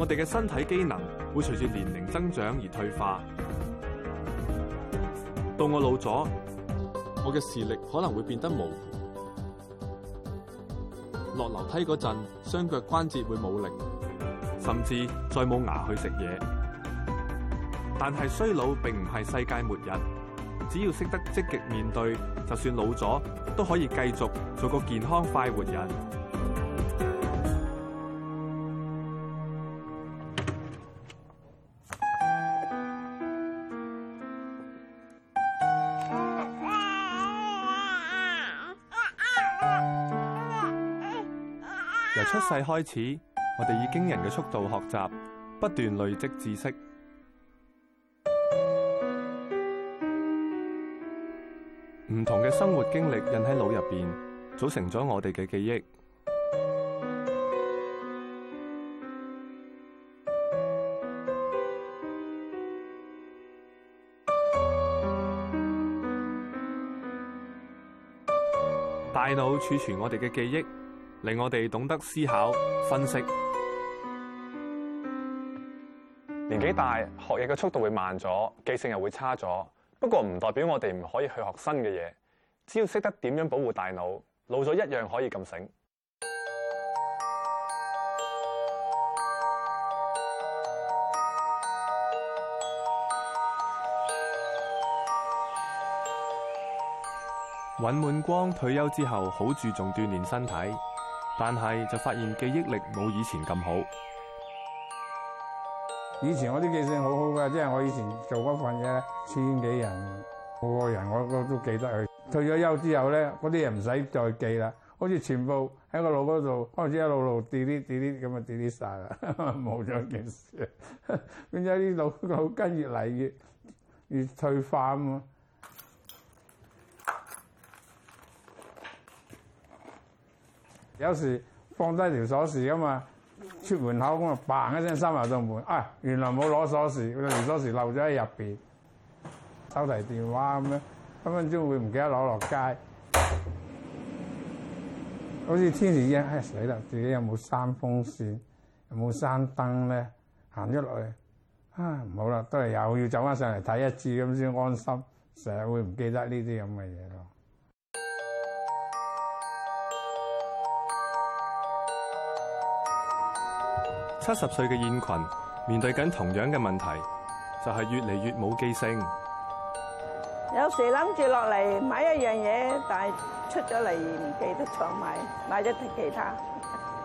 我哋嘅身體機能會隨住年齡增長而退化，到我老咗，我嘅視力可能會變得模糊，落樓梯嗰陣，雙腳關節會冇力，甚至再冇牙去食嘢。但係衰老並唔係世界末日，只要識得積極面對，就算老咗都可以繼續做個健康快活人。出世開始，我哋以驚人嘅速度學習，不斷累積知識。唔同嘅生活經歷印喺腦入邊，組成咗我哋嘅記憶。大腦儲存我哋嘅記憶，令我哋懂得思考、分析。年紀大，學嘢嘅速度會慢咗，記性又會差咗。不過唔代表我哋唔可以去學新嘅嘢，只要識得點樣保護大腦，老咗一樣可以咁醒。尹滿光退休之後，好注重鍛煉身體。但係就發現記憶力冇以前咁好。以前我啲記性好好噶，即係我以前做嗰份嘢千幾人，個個人我都記得佢。退咗休之後咧，嗰啲嘢唔使再記啦，好似全部喺個腦嗰度開始一路路 delete delete 咁啊，delete 晒啦，冇咗件事。點知啲腦腦筋越嚟越越退化啊有時放低條鎖匙啊嘛，出門口咁啊，嘭一聲閂埋到門，啊、哎、原來冇攞鎖匙，條鎖匙漏咗喺入邊，手提電話咁樣，分分鐘會唔記得攞落街，好似天時熱唉死啦，自己有冇閂風扇，有冇閂燈咧？行咗落去，啊、哎、唔好啦，都係又要走翻上嚟睇一次咁先安心，成日會唔記得呢啲咁嘅嘢咯。七十歲嘅燕群面對緊同樣嘅問題，就係、是、越嚟越冇記性。有時諗住落嚟買一樣嘢，但係出咗嚟唔記得再買，買咗其他。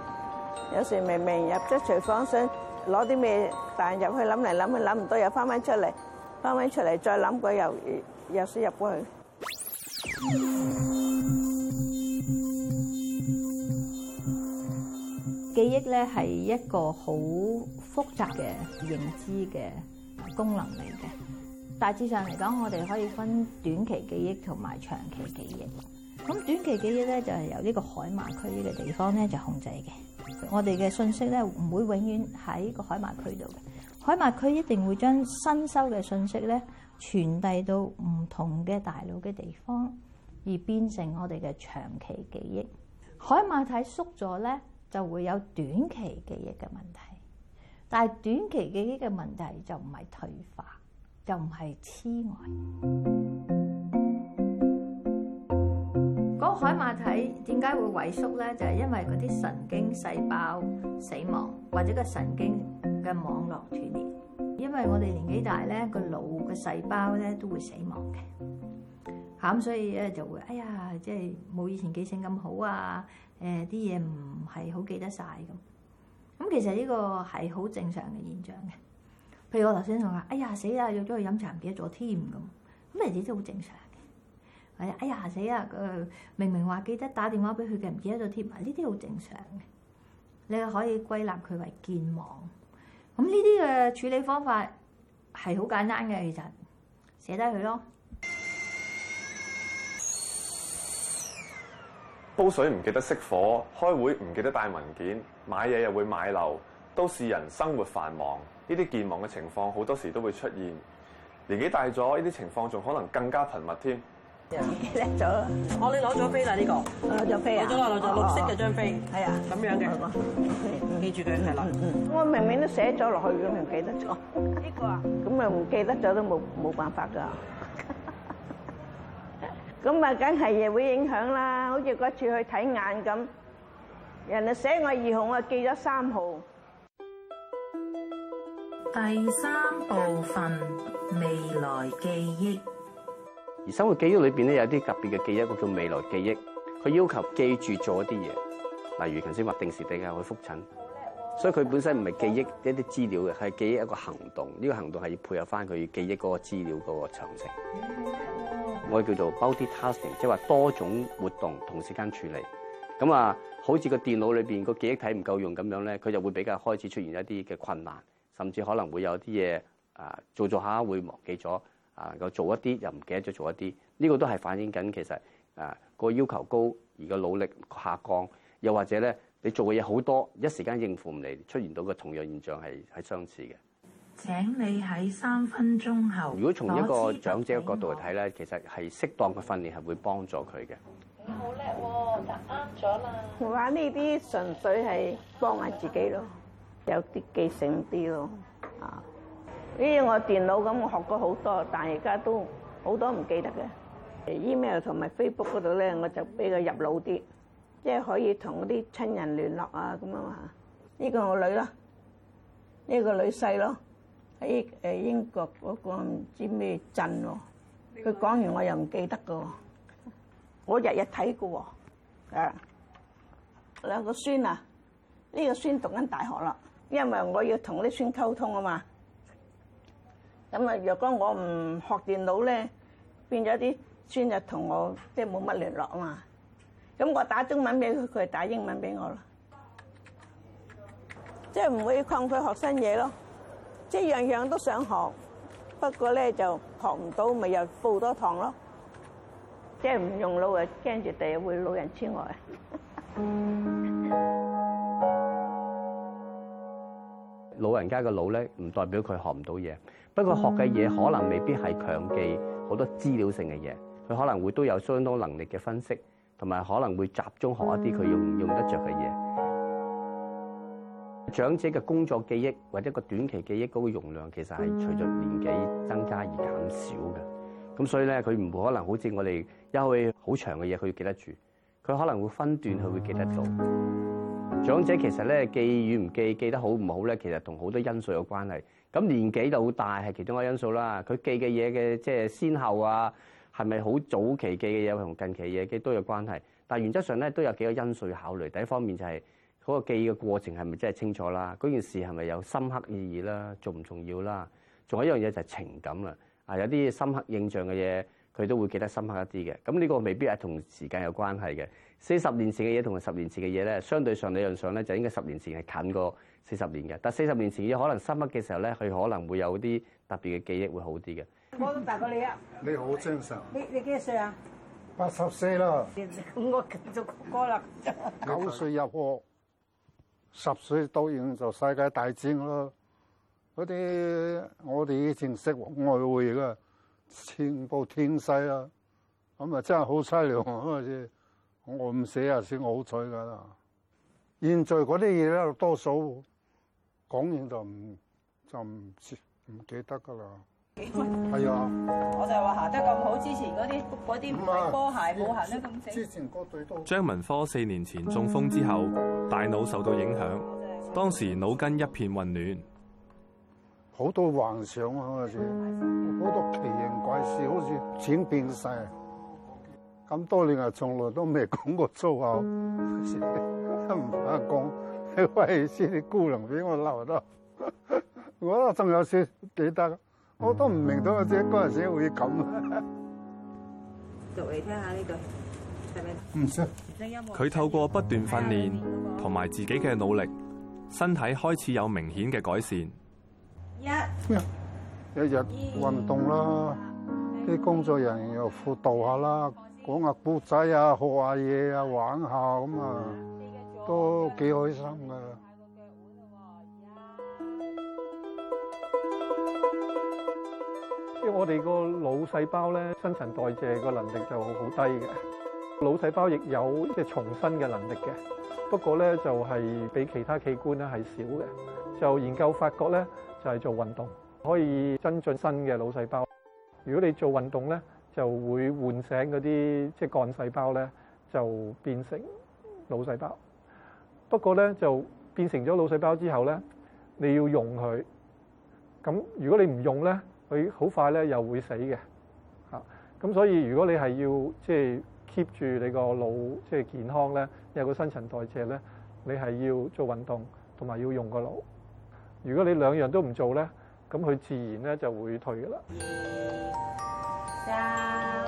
有時明明入咗廚房想攞啲咩，但係入去諗嚟諗去諗唔到又，又翻返出嚟，翻返出嚟再諗過又又先入過去。憶咧係一個好複雜嘅認知嘅功能嚟嘅。大致上嚟講，我哋可以分短期記憶同埋長期記憶。咁短期記憶咧就係由呢個海馬區呢個地方咧就控制嘅。我哋嘅信息咧唔會永遠喺個海馬區度嘅。海馬區一定會將新收嘅信息咧傳遞到唔同嘅大腦嘅地方，而變成我哋嘅長期記憶。海馬體縮咗咧，就會有短期記憶嘅問題，但係短期記憶嘅問題就唔係退化，就唔係痴呆。嗰個海馬體點解會萎縮咧？就係因為嗰啲神經細胞死亡，或者個神經嘅網絡斷裂。因為我哋年紀大咧，個腦嘅細胞咧都會死亡嘅。咁，所以咧就會哎呀，即係冇以前記性咁好啊！誒啲嘢唔係好記得曬咁，咁其實呢個係好正常嘅現象嘅。譬如我頭先同佢話，哎呀死喇，約咗佢飲茶唔記得咗添咁，咁呢啲都好正常嘅。哎呀，哎呀死喇！佢明明話記得打電話俾佢嘅，唔記得咗添。呢啲好正常嘅，你可以歸納佢為健忘。咁呢啲嘅處理方法係好簡單嘅，其實寫低佢咯。煲水唔記得熄火，開會唔記得帶文件，買嘢又會買漏，都市人生活繁忙，呢啲健忘嘅情況，好多時都會出現。年紀大咗，呢啲情況仲可能更加頻密添。記得咗、哦呢個，我哋攞咗飛啦呢個，攞咗飛攞咗啦，攞咗，綠色嘅張飛，係啊，咁、啊、樣嘅，記住佢，係啦，我明明都寫咗落去嘅，唔記得咗呢個啊，咁又唔記得咗都冇冇辦法㗎。咁啊，梗係又會影響啦，好似嗰次去睇眼咁，人哋寫我二號，我記咗三號。第三部分未來記憶。而生活記憶裏邊咧，有啲特別嘅記憶，個叫未來記憶。佢要求記住咗一啲嘢，例如頭先話定時定候去覆診。所以佢本身唔係記憶一啲資料嘅，係記憶一個行動，呢、這個行動係要配合翻佢記憶嗰個資料嗰個長程。我叫做 body t a s k i n g 即係話多種活動同時間處理。咁啊，好似個電腦裏邊個記憶體唔夠用咁樣咧，佢就會比較開始出現一啲嘅困難，甚至可能會有啲嘢啊做咗下會忘記咗啊，夠做一啲又唔記得咗做了一啲。呢、這個都係反映緊其實啊個要求高而個努力下降，又或者咧。你做嘅嘢好多，一時間應付唔嚟，出現到個同樣現象係係相似嘅。請你喺三分鐘後。如果從一個長者嘅角度嚟睇咧，其實係適當嘅訓練係會幫助佢嘅。你好叻喎，就啱咗啦。我話呢啲純粹係幫埋自己咯，有啲記性啲咯。啊，呢我電腦咁我學過好多，但係而家都好多唔記得嘅。email 同埋 Facebook 嗰度咧，我就畀佢入腦啲。即係可以同啲親人聯絡啊！咁啊嘛，呢個我女咯，呢個女婿咯，喺誒英國嗰個唔知咩鎮喎。佢講完我又唔記得㗎，我日日睇㗎喎，誒兩個孫啊，呢個孫讀緊大學啦，因為我要同呢孫溝通啊嘛。咁啊，若果我唔學電腦咧，變咗啲孫就同我即係冇乜聯絡啊嘛。咁我打中文俾佢，佢打英文俾我咯，即係唔會抗拒學新嘢咯。即係樣樣都想學，不過咧就學唔到，咪又報多堂咯。即係唔用腦啊，驚住第日會老人痴呆。 老人家嘅腦咧，唔代表佢學唔到嘢，不過學嘅嘢可能未必係強記好多資料性嘅嘢，佢可能會都有相當能力嘅分析。同埋可能會集中學一啲佢用唔用得着嘅嘢。長者嘅工作記憶或者個短期記憶嗰個容量其實係隨着年紀增加而減少嘅。咁所以咧，佢唔會可能好似我哋一去好長嘅嘢佢要記得住，佢可能會分段佢會記得到。長者其實咧記與唔記，記得好唔好咧，其實同好多因素有關係。咁年紀老大係其中一個因素啦。佢記嘅嘢嘅即係先後啊。係咪好早期記嘅嘢，同近期嘅嘢都有關係？但原則上咧，都有幾個因素考慮。第一方面就係嗰個記嘅過程係咪真係清楚啦？嗰件事係咪有深刻意義啦？重唔重要啦？仲有一樣嘢就係情感啦。啊，有啲深刻印象嘅嘢，佢都會記得深刻一啲嘅。咁呢個未必係同時間有關係嘅。四十年前嘅嘢同十年前嘅嘢咧，相對上理論上咧，就應該十年前係近過四十年嘅。但四十年前嘅可能深刻嘅時候咧，佢可能會有啲特別嘅記憶會好啲嘅。我都大過你啊！你好精神。你你幾歲啊？八十歲啦。我做哥哥啦。九歲入學，十歲導演就世界大戰咯。嗰啲我哋以前識外匯嘅全部天細啦。咁啊真係好犀利，我唔死啊算我好彩噶啦。現在嗰啲嘢咧，多數講完就唔就唔唔記得噶啦。係啊！我就話行得咁好，之前嗰啲嗰啲唔係波鞋冇行得咁正。張文科四年前中風之後，大腦受到影響，當時腦筋一片混亂，好多幻想啊！嗰時好多奇形怪事，好似錢變晒。咁多年啊，從來都未講過粗口，都唔怕講，喂，意思啲姑娘俾我嬲得。 我仲有少記得。我都唔明到嗰陣時會咁。讀嚟聽下呢句，係咪？唔識。佢透過不斷訓練同埋自己嘅努力，身體開始有明顯嘅改善。一一日運動啦，啲工作人員又輔導下啦，講下古仔啊，學下嘢啊，玩下咁啊，都幾開心嘅。即我哋個腦細胞咧，新陳代謝個能力就好低嘅。腦細胞亦有即、就是、重新嘅能力嘅，不過咧就係、是、比其他器官咧係少嘅。就研究發覺咧，就係、是、做運動可以增進新嘅腦細胞。如果你做運動咧，就會喚醒嗰啲即係幹細胞咧，就變成腦細胞。不過咧就變成咗腦細胞之後咧，你要用佢。噉如果你唔用咧。佢好快咧又會死嘅，嚇！咁所以如果你係要即係 keep 住你個腦即係健康咧，有個新陳代謝咧，你係要做運動同埋要用個腦。如果你兩樣都唔做咧，咁佢自然咧就會退噶啦。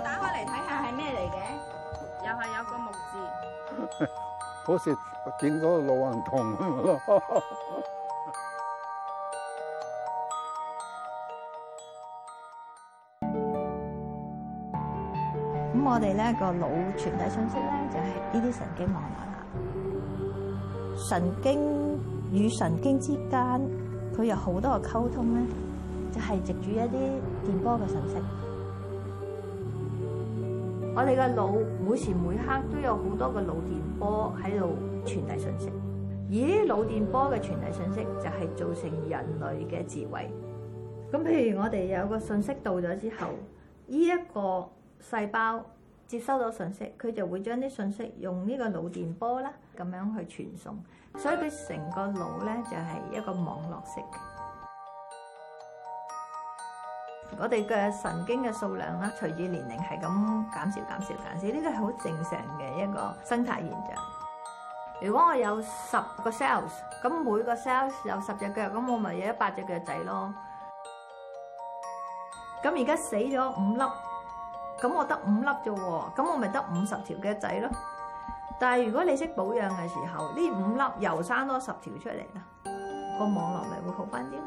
打開嚟睇下係咩嚟嘅？又係有個木字， 好似見到個老運動。 我哋咧個腦傳遞信息咧，就係呢啲神經網絡啦。神經與神經之間，佢有好多嘅溝通咧，就係藉住一啲電波嘅信息。我哋嘅腦每時每刻都有好多嘅腦電波喺度傳遞信息。而啲腦電波嘅傳遞信息就係造成人類嘅智慧。咁譬如我哋有個信息到咗之後，呢一個細胞。接收到信息，佢就會將啲信息用呢個腦電波啦，咁樣去傳送。所以佢成個腦咧就係一個網絡式嘅。我哋嘅神經嘅數量啦，隨住年齡係咁減少減少減少，呢個係好正常嘅一個生態現象。如果我有十個 cells，咁每個 cells 有十隻腳，咁我咪有一百隻腳仔咯。咁而家死咗五粒。咁我得五粒啫，咁我咪得五十條嘅仔咯。但係如果你識保養嘅時候，呢五粒又生多十條出嚟啦，個網絡咪會好翻啲。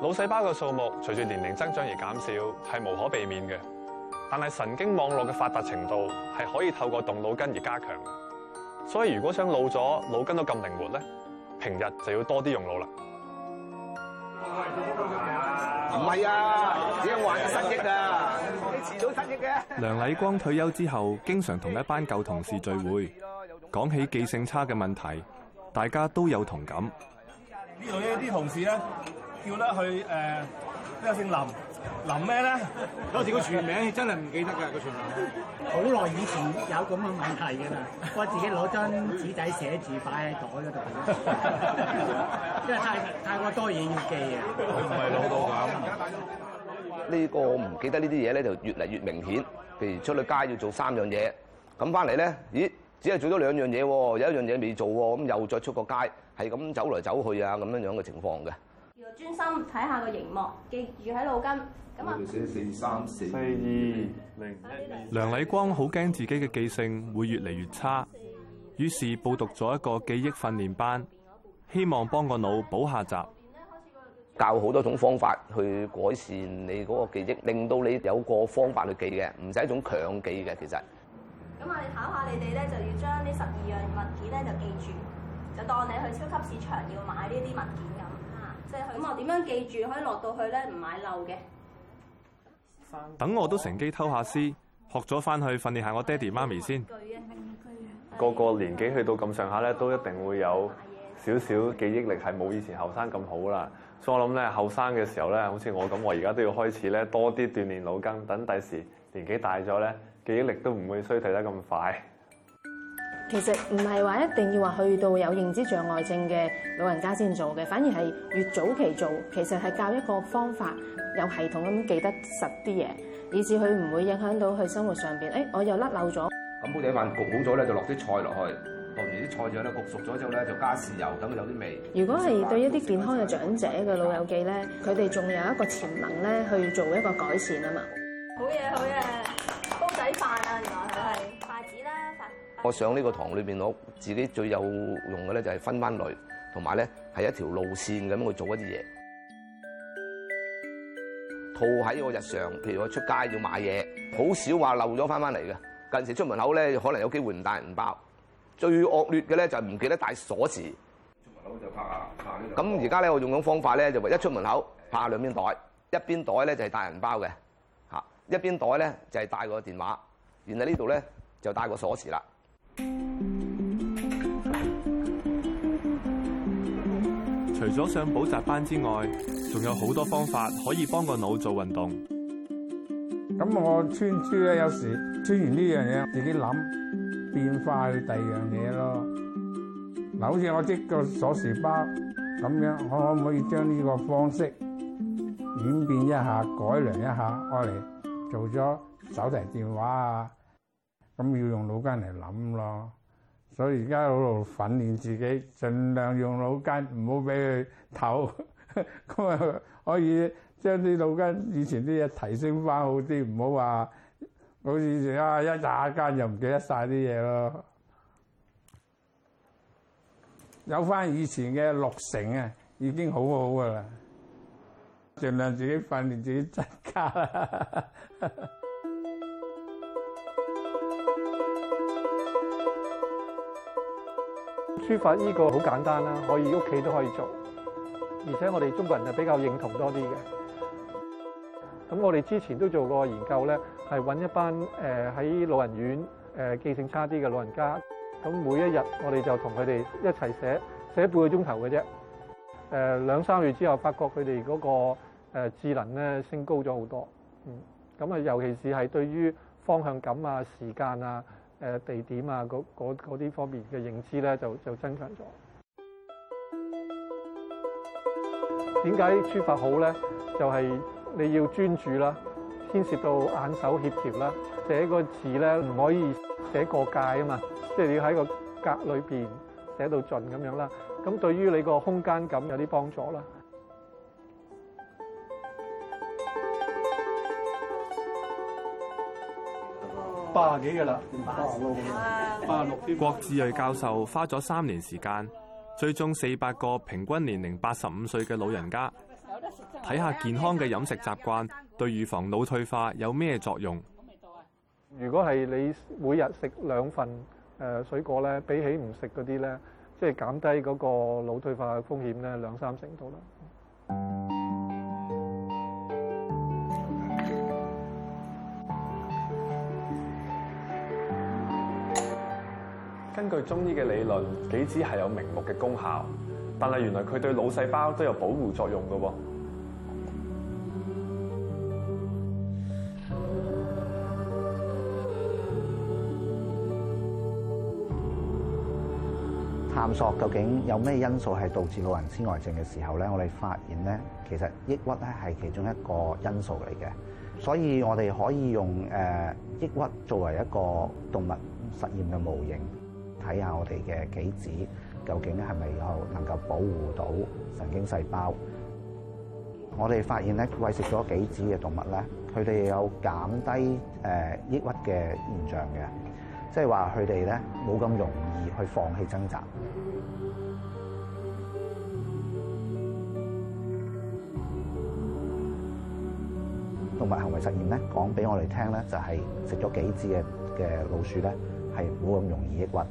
腦細胞嘅數目隨住年齡增長而減少係無可避免嘅，但係神經網絡嘅發達程度係可以透過動腦筋而加強。所以如果想老咗腦筋都咁靈活咧，平日就要多啲用腦啦。Oh 唔係啊，只係話有失憶啊，你遲早失憶嘅。梁禮光退休之後，經常同一班舊同事聚會，講起記性差嘅問題，大家都有同感。呢度呢啲同事咧叫得去，誒、呃，呢個姓林。諗咩咧？嗰時個全名真係唔記得㗎，個全名。好耐以前有咁嘅問題㗎啦，我自己攞張紙仔寫字，擺喺袋嗰度，即係太太過多嘢要記啊。唔係攞到㗎，呢個我唔記得呢啲嘢咧，就越嚟越明顯。譬如出去街要做三樣嘢，咁翻嚟咧，咦，只係做咗兩樣嘢喎，有一樣嘢未做喎，咁又再出個街，係咁走嚟走去啊咁樣樣嘅情況嘅。專心睇下個熒幕，記住喺腦筋。咁啊，四,四三四,四二零一。梁禮光好驚自己嘅記性會越嚟越差，於是報讀咗一個記憶訓練班，希望幫個腦補下習，教好多種方法去改善你嗰個記憶，令到你有個方法去記嘅，唔使一種強記嘅。其實，咁我哋考下你哋咧，就要將呢十二樣物件咧就記住，就當你去超級市場要買呢啲物件咁。咁我點樣記住可以落到去咧？唔買漏嘅。等我都乘機偷下師，學咗翻去訓練下我爹哋媽咪先。個個年紀去到咁上下咧，都一定會有少少記憶力係冇以前後生咁好啦。所以我諗咧，後生嘅時候咧，好似我咁，我而家都要開始咧多啲鍛鍊腦筋，等第時年紀大咗咧，記憶力都唔會衰退得咁快。其實唔係話一定要話去到有認知障礙症嘅老人家先做嘅，反而係越早期做，其實係教一個方法，有系統咁記得實啲嘢，以至佢唔會影響到佢生活上邊。誒、哎，我又甩漏咗。咁煲仔飯焗好咗咧，就落啲菜落去，落完啲菜之後咧，焗熟咗之後咧，就加豉油，等咁有啲味。如果係對一啲健康嘅長者嘅老友記咧，佢哋仲有一個潛能咧，去做一個改善啊嘛。好嘢，好嘢，煲仔飯啊，原來係筷子啦。我上呢個堂裏邊，我自己最有用嘅咧就係分翻類，同埋咧係一條路線咁去做一啲嘢。套喺我日常，譬如我出街要買嘢，好少話漏咗翻翻嚟嘅。近時出門口咧，可能有機會唔帶銀包。最惡劣嘅咧就係唔記得帶鎖匙。出門口就拍下拍呢度。咁而家咧我用種方法咧就話一出門口拍兩邊袋，一邊袋咧就係帶銀包嘅，嚇，一邊袋咧就係帶個電話，然後呢度咧就帶個鎖匙啦。除咗上補習班之外，仲有好多方法可以幫個腦做運動。咁我穿珠咧，有時穿完呢樣嘢，自己諗變化去第二樣嘢咯。嗱，好似我織個鎖匙包咁樣，我可唔可以將呢個方式演變一下，改良一下，我嚟做咗手提電話啊？咁要用腦筋嚟諗咯，所以而家喺度訓練自己，盡量用腦筋，唔好俾佢唞。咁 啊，可以將啲腦筋以前啲嘢提升翻好啲，唔好話好似以前啊，一眨眼又唔記得晒啲嘢咯，有翻以前嘅六成啊，已經好好噶啦，盡量自己訓練自己增加啦。 書法呢個好簡單啦，可以屋企都可以做，而且我哋中國人係比較認同多啲嘅。咁我哋之前都做過研究咧，係搵一班誒喺、呃、老人院誒、呃、記性差啲嘅老人家，咁每一日我哋就同佢哋一齊寫，寫半個鐘頭嘅啫。誒、呃，兩三個月之後發覺佢哋嗰個誒智能咧升高咗好多，嗯，咁啊尤其是係對於方向感啊、時間啊。誒地點啊，嗰啲方面嘅認知咧，就就增強咗。點解書法好咧？就係、是、你要專注啦，牽涉到眼手協調啦，寫個字咧唔可以寫過界啊嘛，即係你要喺個格裏邊寫到盡咁樣啦。咁對於你個空間感有啲幫助啦。八啊幾嘅啦，八啊六。八啊六。郭志睿教授花咗三年時間，追蹤四百個平均年齡八十五歲嘅老人家，睇下健康嘅飲食習慣對預防腦退化有咩作用。如果係你每日食兩份誒水果咧，比起唔食嗰啲咧，即係減低嗰個腦退化嘅風險咧，兩三成到啦。根據中醫嘅理論，杞子係有明目嘅功效，但係原來佢對腦細胞都有保護作用嘅喎。探索究竟有咩因素係導致老人痴呆症嘅時候咧，我哋發現咧，其實抑鬱咧係其中一個因素嚟嘅，所以我哋可以用誒抑鬱作為一個動物實驗嘅模型。睇下我哋嘅杞子究竟咧係咪有能夠保護到神經細胞？我哋發現咧，餵食咗杞子嘅動物咧，佢哋有減低誒抑鬱嘅現象嘅，即係話佢哋咧冇咁容易去放棄掙扎。動物行為實驗咧講俾我哋聽咧，就係食咗杞子嘅嘅老鼠咧係冇咁容易抑鬱。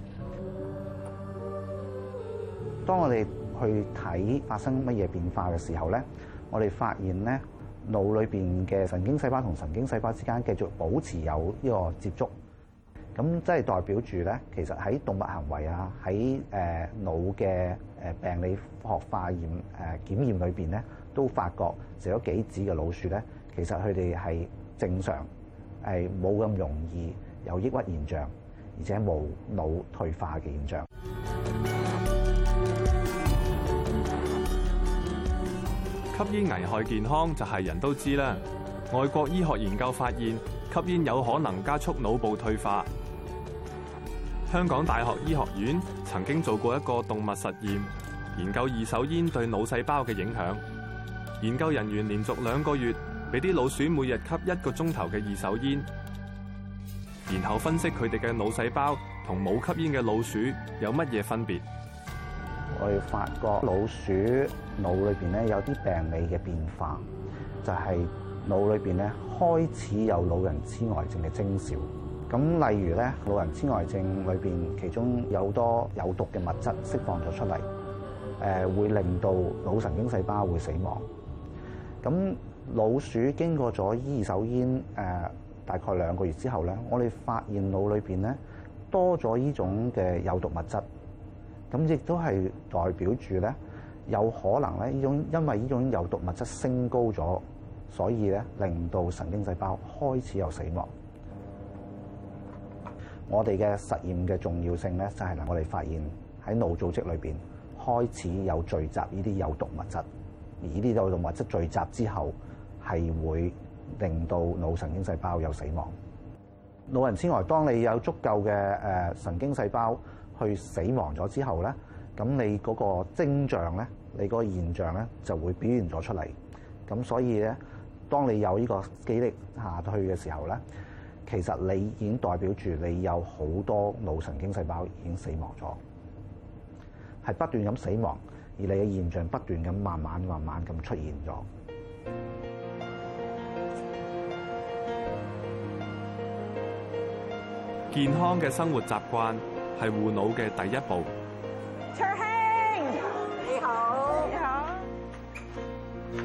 當我哋去睇發生乜嘢變化嘅時候咧，我哋發現咧腦裏邊嘅神經細胞同神經細胞之間繼續保持有呢個接觸，咁即係代表住咧，其實喺動物行為啊，喺誒腦嘅誒病理學化驗誒檢驗裏邊咧，都發覺食咗杞子嘅老鼠咧，其實佢哋係正常，係冇咁容易有抑鬱現象，而且冇腦退化嘅現象。吸煙危害健康，就係人都知啦。外國醫學研究發現，吸煙有可能加速腦部退化。香港大學醫學院曾經做過一個動物實驗，研究二手煙對腦細胞嘅影響。研究人員連續兩個月俾啲老鼠每日吸一個鐘頭嘅二手煙，然後分析佢哋嘅腦細胞同冇吸煙嘅老鼠有乜嘢分別。我哋發覺老鼠腦裏邊咧有啲病理嘅變化，就係腦裏邊咧開始有老人痴呆症嘅徵兆。咁例如咧，老人痴呆症裏邊其中有多有毒嘅物質釋放咗出嚟，誒會令到腦神經細胞會死亡。咁老鼠經過咗二手煙誒大概兩個月之後咧，我哋發現腦裏邊咧多咗呢種嘅有毒物質。咁亦都係代表住咧，有可能咧，因為呢種有毒物質升高咗，所以咧令到神經細胞開始有死亡。我哋嘅實驗嘅重要性咧，就係我哋發現喺腦組織裏面開始有聚集呢啲有毒物質，而呢啲有毒物質聚集之後，係會令到腦神經細胞有死亡。老人之外，當你有足夠嘅誒神經細胞。去死亡咗之後咧，咁你嗰個徵象咧，你嗰個現象咧就會表現咗出嚟。咁所以咧，當你有呢個記憶力下去嘅時候咧，其實你已經代表住你有好多腦神經細胞已經死亡咗，係不斷咁死亡，而你嘅現象不斷咁慢慢慢慢咁出現咗。健康嘅生活習慣。係護腦嘅第一步。卓兄，你好，你好。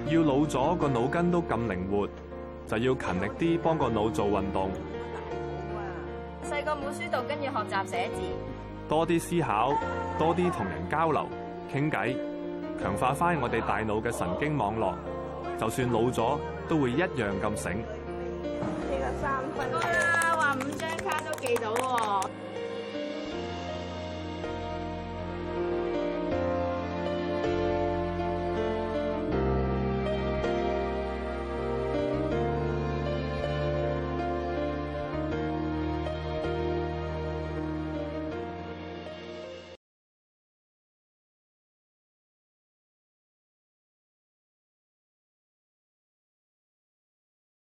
要老咗個腦筋都咁靈活，就要勤力啲幫個腦做運動。好啊，細個冇書讀，跟住學習寫字。多啲思考，多啲同人交流、傾偈，強化返我哋大腦嘅神經網絡，就算老咗都會一樣咁醒。其個三分啦，話五張卡都記到喎。